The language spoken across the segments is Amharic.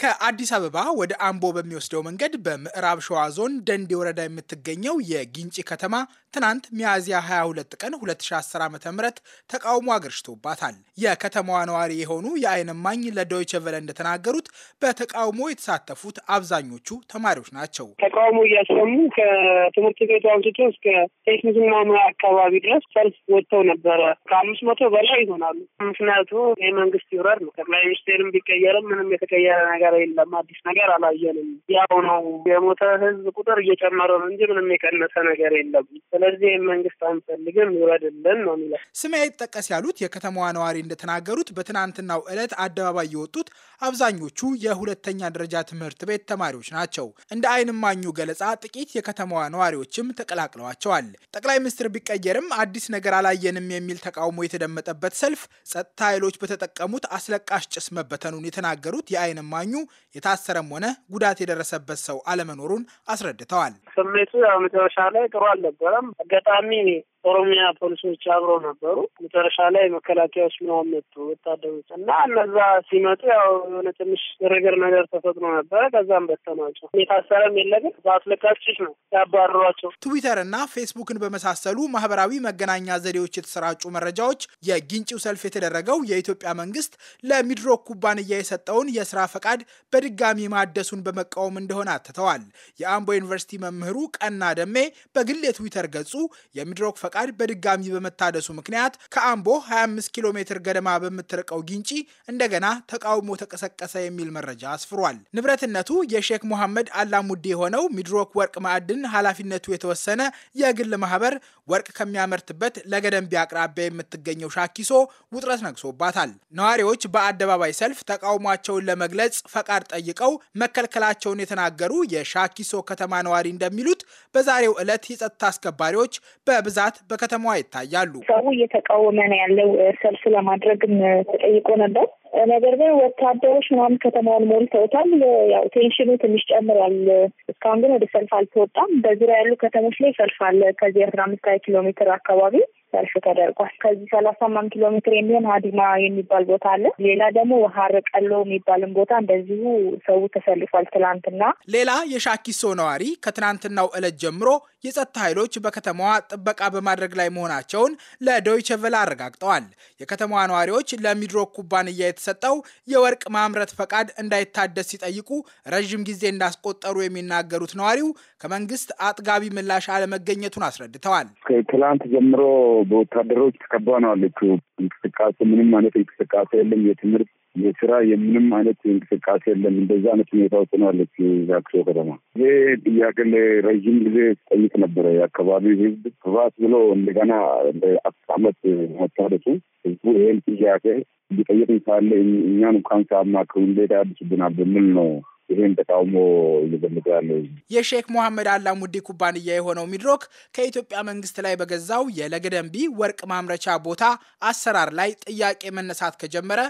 ከአዲስ አበባ ወደ አምቦ በሚወስደው መንገድ በምዕራብ ሸዋ ዞን ደንዲ ወረዳ የምትገኘው የጊንጪ ከተማ ትናንት ሚያዝያ 22 ቀን 2010 ዓ ም ተቃውሞ አገርሽቶባታል። የከተማዋ ነዋሪ የሆኑ የአይነማኝ እማኝ እንደተናገሩት በተቃውሞ የተሳተፉት አብዛኞቹ ተማሪዎች ናቸው። ተቃውሞ እያሰሙ ከትምህርት ቤቱ አንስቶ እስከ ቴክኒክና ሙያ አካባቢ ድረስ ሰልፍ ወጥተው ነበረ። ከአምስት መቶ በላይ ይሆናሉ። ምክንያቱ የመንግስት ይውረድ ነው። ጠቅላይ ሚኒስቴርም ቢቀየርም ምንም የተቀየረ ነገር ነገር የለም። አዲስ ነገር አላየንም። ያው ነው የሞተ ህዝብ ቁጥር እየጨመረ ነው እንጂ ምንም የቀነሰ ነገር የለም። ስለዚህ መንግስት አንፈልግም ይውረድልን ነው የሚለው። ስሜ ይጠቀስ ያሉት የከተማዋ ነዋሪ እንደተናገሩት በትናንትናው ዕለት አደባባይ የወጡት አብዛኞቹ የሁለተኛ ደረጃ ትምህርት ቤት ተማሪዎች ናቸው። እንደ አይን ማኙ ገለጻ ጥቂት የከተማዋ ነዋሪዎችም ተቀላቅለዋቸዋል። ጠቅላይ ሚኒስትር ቢቀየርም አዲስ ነገር አላየንም የሚል ተቃውሞ የተደመጠበት ሰልፍ ጸጥታ ኃይሎች በተጠቀሙት አስለቃሽ ጭስ መበተኑን የተናገሩት የአይን ማኙ የታሰረም ሆነ ጉዳት የደረሰበት ሰው አለመኖሩን አስረድተዋል። ስሜቱ ያው መጨረሻ ላይ ጥሩ አልነበረም። አጋጣሚ ኦሮሚያ ፖሊሶች አብረው ነበሩ። መጨረሻ ላይ መከላከያዎች ምናምን መጡ ወታደሮች እና እነዛ ሲመጡ ያው የሆነ ትንሽ ግርግር ነገር ተፈጥሮ ነበረ። ከዛም በተኗቸው የታሰረም የለ ግን ነው ያባረሯቸው። ትዊተር እና ፌስቡክን በመሳሰሉ ማህበራዊ መገናኛ ዘዴዎች የተሰራጩ መረጃዎች የጊንጪው ሰልፍ የተደረገው የኢትዮጵያ መንግስት ለሚድሮክ ኩባንያ የሰጠውን የስራ ፈቃድ በድጋሚ ማደሱን በመቃወም እንደሆነ አትተዋል። የአምቦ ዩኒቨርሲቲ መምህሩ ቀና ደሜ በግል የትዊተር ገጹ የሚድሮክ ፈቃድ በድጋሚ በመታደሱ ምክንያት ከአምቦ 25 ኪሎ ሜትር ገደማ በምትርቀው ጊንጪ እንደገና ተቃውሞ ተቀሰቀሰ የሚል መረጃ አስፍሯል። ንብረትነቱ የሼክ ሙሐመድ አላሙዲ የሆነው ሚድሮክ ወርቅ ማዕድን ኃላፊነቱ የተወሰነ የግል ማህበር ወርቅ ከሚያመርትበት ለገደምቢ አቅራቢያ የምትገኘው ሻኪሶ ውጥረት ነግሶባታል። ነዋሪዎች በአደባባይ ሰልፍ ተቃውሟቸውን ለመግለጽ ፈቃድ ጠይቀው መከልከላቸውን የተናገሩ የሻኪሶ ከተማ ነዋሪ እንደሚሉት በዛሬው ዕለት የጸጥታ አስከባሪዎች በብዛት በከተማዋ ይታያሉ። ሰው እየተቃወመ ነው ያለው። ሰልፍ ለማድረግም ተጠይቆ ነበር። ነገር ግን ወታደሮች ምናምን ከተማውን ሞልተውታል። ያው ቴንሽኑ ትንሽ ጨምሯል። እስካሁን ግን ወደ ሰልፍ አልተወጣም። በዙሪያ ያሉ ከተሞች ላይ ሰልፍ አለ። ከዚህ አስራ አምስት ሀያ ኪሎ ሜትር አካባቢ ሰልፍ ተደርጓል። ከዚህ ሰላሳ አምስት ኪሎ ሜትር የሚሆን ሀዲማ የሚባል ቦታ አለ። ሌላ ደግሞ ሀረ ቀሎ የሚባልን ቦታ እንደዚሁ ሰው ተሰልፏል። ትላንትና። ሌላ የሻኪሶ ነዋሪ ከትናንትናው እለት ጀምሮ የጸጥታ ኃይሎች በከተማዋ ጥበቃ በማድረግ ላይ መሆናቸውን ለዶይቸ ቬለ አረጋግጠዋል። የከተማዋ ነዋሪዎች ለሚድሮክ ኩባንያ የተሰጠው የወርቅ ማምረት ፈቃድ እንዳይታደስ ሲጠይቁ ረዥም ጊዜ እንዳስቆጠሩ የሚናገሩት ነዋሪው ከመንግስት አጥጋቢ ምላሽ አለመገኘቱን አስረድተዋል። ትላንት ጀምሮ በወታደሮች ተከባ ነው አለችው። እንቅስቃሴ ምንም አይነት እንቅስቃሴ የለም። የትምህርት የስራ የምንም አይነት እንቅስቃሴ የለም። እንደዛ አይነት ሁኔታ ውስጥ ነው ያለችው ዛክሶ ከተማ። ይሄ ጥያቄ ለረዥም ጊዜ ጠይቅ ነበረ። የአካባቢው ህዝብ ባስ ብሎ እንደገና አስር አመት መታደሱ ህዝቡ ይህን ጥያቄ ቢጠየቅን ሳለ እኛን እንኳን ሳማክሩ እንዴት አዲሱብናል በምል ነው ይህም ተቃውሞ እየዘመጠ የሼክ ሞሐመድ አላሙዲ ኩባንያ የሆነው ሚድሮክ ከኢትዮጵያ መንግስት ላይ በገዛው የለገደንቢ ወርቅ ማምረቻ ቦታ አሰራር ላይ ጥያቄ መነሳት ከጀመረ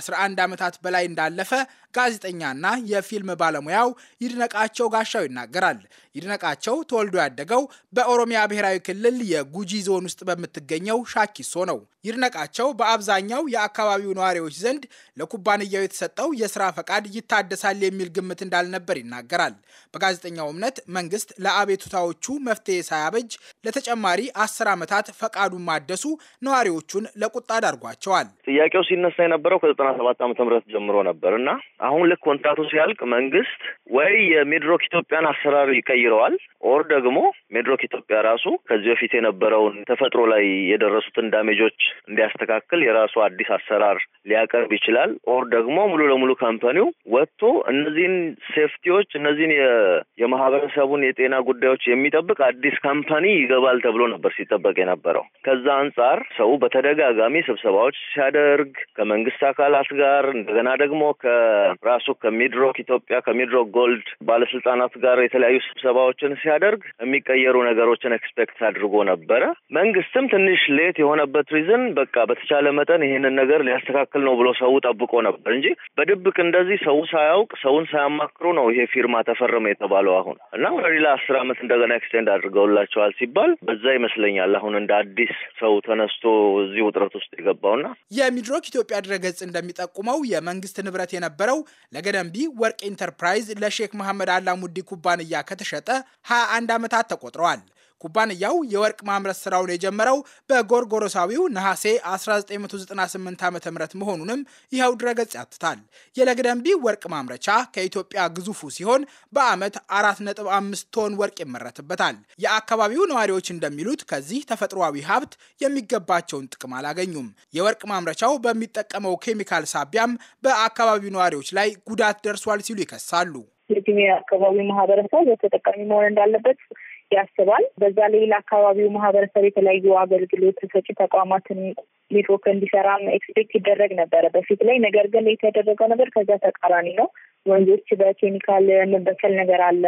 11 ዓመታት በላይ እንዳለፈ ጋዜጠኛና የፊልም ባለሙያው ይድነቃቸው ጋሻው ይናገራል። ይድነቃቸው ተወልዶ ያደገው በኦሮሚያ ብሔራዊ ክልል የጉጂ ዞን ውስጥ በምትገኘው ሻኪሶ ነው። ይድነቃቸው በአብዛኛው የአካባቢው ነዋሪዎች ዘንድ ለኩባንያው የተሰጠው የስራ ፈቃድ ይታደሳል የሚል ግምት እንዳልነበር ይናገራል። በጋዜጠኛው እምነት መንግስት ለአቤቱታዎቹ መፍትሄ ሳያበጅ ለተጨማሪ አስር ዓመታት ፈቃዱን ማደሱ ነዋሪዎቹን ለቁጣ ዳርጓቸዋል። ጥያቄው ሲነሳ የነበረው ከዘጠና ሰባት ዓመተ ምህረት ጀምሮ ነበር እና አሁን ልክ ኮንትራቱ ሲያልቅ መንግስት ወይ የሚድሮክ ኢትዮጵያን አሰራር ይቀይረዋል ኦር ደግሞ ሜድሮክ ኢትዮጵያ ራሱ ከዚህ በፊት የነበረውን ተፈጥሮ ላይ የደረሱትን ዳሜጆች እንዲያስተካክል የራሱ አዲስ አሰራር ሊያቀርብ ይችላል። ኦር ደግሞ ሙሉ ለሙሉ ካምፓኒው ወጥቶ እነዚህን ሴፍቲዎች፣ እነዚህን የማህበረሰቡን የጤና ጉዳዮች የሚጠብቅ አዲስ ካምፓኒ ይገባል ተብሎ ነበር ሲጠበቅ የነበረው። ከዛ አንጻር ሰው በተደጋጋሚ ስብሰባዎች ሲያደርግ ከመንግስት አካላት ጋር እንደገና ደግሞ ከራሱ ከሚድሮክ ኢትዮጵያ ከሚድሮክ ጎልድ ባለስልጣናት ጋር የተለያዩ ስብሰባዎችን ሲያደርግ የሚቀ የሚቀየሩ ነገሮችን ኤክስፔክት አድርጎ ነበረ። መንግስትም ትንሽ ሌት የሆነበት ሪዝን በቃ በተቻለ መጠን ይህንን ነገር ሊያስተካክል ነው ብሎ ሰው ጠብቆ ነበር እንጂ በድብቅ እንደዚህ ሰው ሳያውቅ ሰውን ሳያማክሩ ነው ይሄ ፊርማ ተፈረመ የተባለው አሁን እና ወደ ሌላ አስር አመት እንደገና ኤክስቴንድ አድርገውላቸዋል ሲባል በዛ ይመስለኛል አሁን እንደ አዲስ ሰው ተነስቶ እዚህ ውጥረት ውስጥ የገባውና የሚድሮክ ኢትዮጵያ ድረገጽ እንደሚጠቁመው የመንግስት ንብረት የነበረው ለገደምቢ ወርቅ ኢንተርፕራይዝ ለሼክ መሐመድ አላሙዲ ኩባንያ ከተሸጠ ሀያ አንድ ዓመታት ተቆ ተቆጥረዋል። ኩባንያው የወርቅ ማምረት ስራውን የጀመረው በጎርጎሮሳዊው ነሐሴ 1998 ዓ ም መሆኑንም ይኸው ድረገጽ ያትታል። የለገደንቢ ወርቅ ማምረቻ ከኢትዮጵያ ግዙፉ ሲሆን በዓመት 4.5 ቶን ወርቅ ይመረትበታል። የአካባቢው ነዋሪዎች እንደሚሉት ከዚህ ተፈጥሯዊ ሀብት የሚገባቸውን ጥቅም አላገኙም። የወርቅ ማምረቻው በሚጠቀመው ኬሚካል ሳቢያም በአካባቢው ነዋሪዎች ላይ ጉዳት ደርሷል ሲሉ ይከሳሉ። የግሜ ማህበረሰብ ተጠቃሚ መሆን እንዳለበት ያስባል። በዛ ላይ ለአካባቢው ማህበረሰብ የተለያዩ አገልግሎት ሰጪ ተቋማትን ኔትወርክ እንዲሰራም ኤክስፔክት ይደረግ ነበረ በፊት ላይ። ነገር ግን የተደረገው ነገር ከዛ ተቃራኒ ነው። ወንዞች በኬሚካል መበከል ነገር አለ።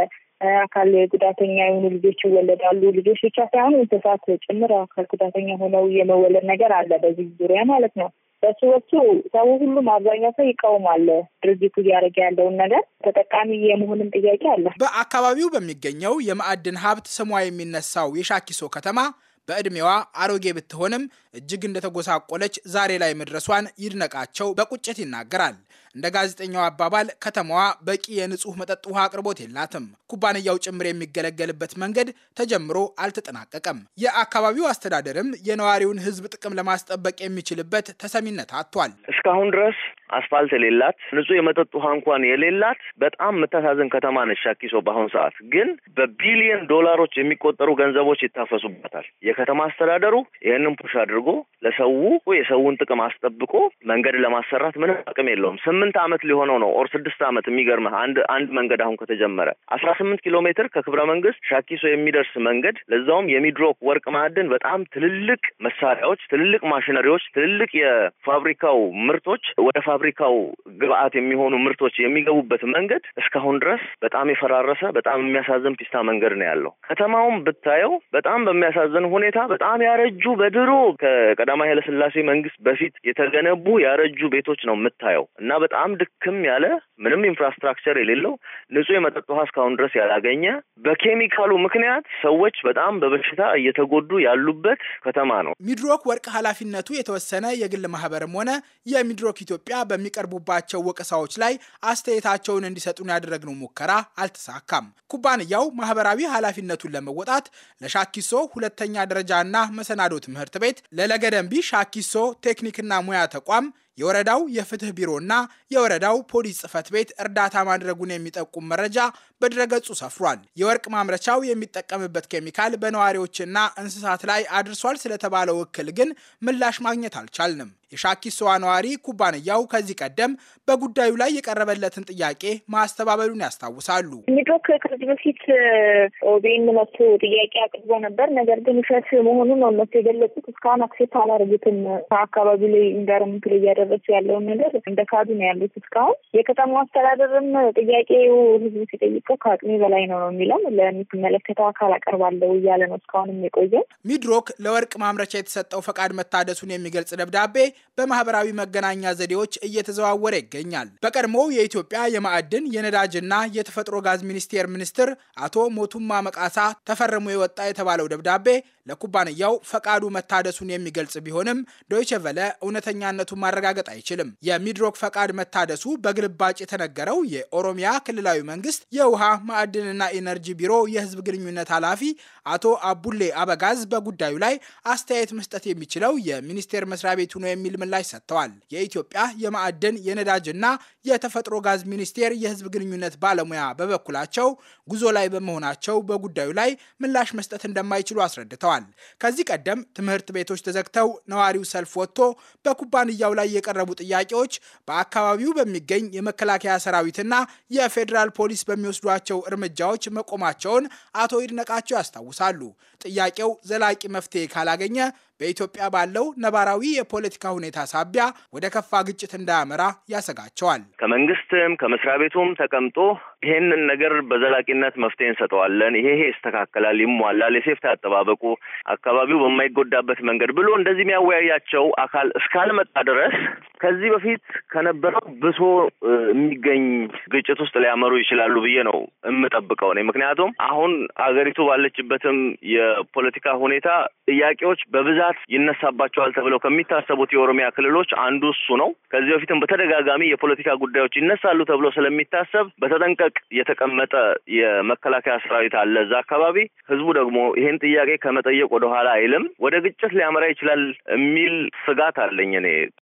አካል ጉዳተኛ የሆኑ ልጆች ይወለዳሉ። ልጆች ብቻ ሳይሆኑ እንስሳት ጭምር አካል ጉዳተኛ ሆነው የመወለድ ነገር አለ በዚህ ዙሪያ ማለት ነው። በሰዎቹ ሰው ሁሉም አብዛኛው ሰው ይቃውማል። ድርጅቱ እያደረገ ያለውን ነገር ተጠቃሚ የመሆንም ጥያቄ አለ። በአካባቢው በሚገኘው የማዕድን ሀብት ስሟ የሚነሳው የሻኪሶ ከተማ በእድሜዋ አሮጌ ብትሆንም እጅግ እንደተጎሳቆለች ዛሬ ላይ መድረሷን ይድነቃቸው በቁጭት ይናገራል። እንደ ጋዜጠኛው አባባል ከተማዋ በቂ የንጹህ መጠጥ ውሃ አቅርቦት የላትም። ኩባንያው ጭምር የሚገለገልበት መንገድ ተጀምሮ አልተጠናቀቀም። የአካባቢው አስተዳደርም የነዋሪውን ሕዝብ ጥቅም ለማስጠበቅ የሚችልበት ተሰሚነት አጥቷል። እስካሁን ድረስ አስፋልት የሌላት ንጹህ የመጠጥ ውሃ እንኳን የሌላት በጣም የምታሳዝን ከተማ ነች። ሻኪሶ በአሁኑ ሰዓት ግን በቢሊየን ዶላሮች የሚቆጠሩ ገንዘቦች ይታፈሱበታል። የከተማ አስተዳደሩ ይህንን ፑሽ አድርጎ አድርጎ ለሰው የሰውን ጥቅም አስጠብቆ መንገድ ለማሰራት ምንም አቅም የለውም። ስምንት ዓመት ሊሆነው ነው ኦር ስድስት ዓመት የሚገርምህ አንድ አንድ መንገድ አሁን ከተጀመረ አስራ ስምንት ኪሎ ሜትር ከክብረ መንግስት ሻኪሶ የሚደርስ መንገድ ለዛውም የሚድሮክ ወርቅ ማዕድን በጣም ትልልቅ መሳሪያዎች፣ ትልልቅ ማሽነሪዎች፣ ትልልቅ የፋብሪካው ምርቶች ወደ ፋብሪካው ግብአት የሚሆኑ ምርቶች የሚገቡበት መንገድ እስካሁን ድረስ በጣም የፈራረሰ በጣም የሚያሳዝን ፒስታ መንገድ ነው ያለው። ከተማውም ብታየው በጣም በሚያሳዝን ሁኔታ በጣም ያረጁ በድሮ ከቀዳማዊ ኃይለስላሴ መንግስት በፊት የተገነቡ ያረጁ ቤቶች ነው የምታየው እና በጣም ድክም ያለ ምንም ኢንፍራስትራክቸር የሌለው ንጹህ የመጠጥ ውሃ እስካሁን ድረስ ያላገኘ በኬሚካሉ ምክንያት ሰዎች በጣም በበሽታ እየተጎዱ ያሉበት ከተማ ነው። ሚድሮክ ወርቅ ኃላፊነቱ የተወሰነ የግል ማህበርም ሆነ የሚድሮክ ኢትዮጵያ በሚቀርቡባቸው ወቀሳዎች ላይ አስተያየታቸውን እንዲሰጡን ያደረግነው ሙከራ አልተሳካም። ኩባንያው ማህበራዊ ኃላፊነቱን ለመወጣት ለሻኪሶ ሁለተኛ ደረጃና መሰናዶ ትምህርት ቤት ለለገደምቢ ሻኪሶ ቴክኒክና ሙያ ተቋም የወረዳው የፍትህ ቢሮና የወረዳው ፖሊስ ጽፈት ቤት እርዳታ ማድረጉን የሚጠቁም መረጃ በድረገጹ ሰፍሯል። የወርቅ ማምረቻው የሚጠቀምበት ኬሚካል በነዋሪዎችና እንስሳት ላይ አድርሷል ስለተባለው እክል ግን ምላሽ ማግኘት አልቻልንም። የሻኪሶዋ ነዋሪ ኩባንያው ከዚህ ቀደም በጉዳዩ ላይ የቀረበለትን ጥያቄ ማስተባበሉን ያስታውሳሉ። ሚድሮክ ከዚህ በፊት ኦቤን መቶ ጥያቄ አቅርቦ ነበር። ነገር ግን ውሸት መሆኑን ነው የገለጹት። እስካሁን አክሴፕት አላደረጉትም። አካባቢ ላይ ጋር ምክል እያደ እያደረገች ያለውን ነገር እንደ ካዱ ነው ያሉት እስካሁን። የከተማው አስተዳደርም ጥያቄው ህዝቡ ሲጠይቀው ከአቅሜ በላይ ነው ነው የሚለው ለሚመለከተው አካል አቀርባለሁ እያለ ነው እስካሁንም የቆየው። ሚድሮክ ለወርቅ ማምረቻ የተሰጠው ፈቃድ መታደሱን የሚገልጽ ደብዳቤ በማህበራዊ መገናኛ ዘዴዎች እየተዘዋወረ ይገኛል። በቀድሞው የኢትዮጵያ የማዕድን የነዳጅና የተፈጥሮ ጋዝ ሚኒስቴር ሚኒስትር አቶ ሞቱማ መቃሳ ተፈርሞ የወጣ የተባለው ደብዳቤ ለኩባንያው ፈቃዱ መታደሱን የሚገልጽ ቢሆንም ዶይቸ ቨለ እውነተኛነቱን ማረጋ ማረጋገጥ አይችልም። የሚድሮክ ፈቃድ መታደሱ በግልባጭ የተነገረው የኦሮሚያ ክልላዊ መንግስት የውሃ ማዕድንና ኢነርጂ ቢሮ የህዝብ ግንኙነት ኃላፊ አቶ አቡሌ አበጋዝ በጉዳዩ ላይ አስተያየት መስጠት የሚችለው የሚኒስቴር መስሪያ ቤቱ ነው የሚል ምላሽ ሰጥተዋል። የኢትዮጵያ የማዕድን የነዳጅና የተፈጥሮ ጋዝ ሚኒስቴር የህዝብ ግንኙነት ባለሙያ በበኩላቸው ጉዞ ላይ በመሆናቸው በጉዳዩ ላይ ምላሽ መስጠት እንደማይችሉ አስረድተዋል። ከዚህ ቀደም ትምህርት ቤቶች ተዘግተው ነዋሪው ሰልፍ ወጥቶ በኩባንያው ላይ የቀረቡ ጥያቄዎች በአካባቢው በሚገኝ የመከላከያ ሰራዊትና የፌዴራል ፖሊስ በሚወስዷቸው እርምጃዎች መቆማቸውን አቶ ይድነቃቸው ያስታውሳሉ። ጥያቄው ዘላቂ መፍትሄ ካላገኘ በኢትዮጵያ ባለው ነባራዊ የፖለቲካ ሁኔታ ሳቢያ ወደ ከፋ ግጭት እንዳያመራ ያሰጋቸዋል። ከመንግስትም ከመስሪያ ቤቱም ተቀምጦ ይሄንን ነገር በዘላቂነት መፍትሄ እንሰጠዋለን፣ ይሄ ይሄ ይስተካከላል፣ ይሟላል፣ የሴፍቲ አጠባበቁ አካባቢው በማይጎዳበት መንገድ ብሎ እንደዚህ የሚያወያያቸው አካል እስካልመጣ ድረስ ከዚህ በፊት ከነበረው ብሶ የሚገኝ ግጭት ውስጥ ሊያመሩ ይችላሉ ብዬ ነው የምጠብቀው እኔ። ምክንያቱም አሁን አገሪቱ ባለችበትም የፖለቲካ ሁኔታ ጥያቄዎች በብዛት ጥቃት ይነሳባቸዋል ተብለው ከሚታሰቡት የኦሮሚያ ክልሎች አንዱ እሱ ነው። ከዚህ በፊትም በተደጋጋሚ የፖለቲካ ጉዳዮች ይነሳሉ ተብሎ ስለሚታሰብ በተጠንቀቅ የተቀመጠ የመከላከያ ሰራዊት አለ እዛ አካባቢ። ህዝቡ ደግሞ ይሄን ጥያቄ ከመጠየቅ ወደኋላ አይልም። ወደ ግጭት ሊያመራ ይችላል የሚል ስጋት አለኝ እኔ።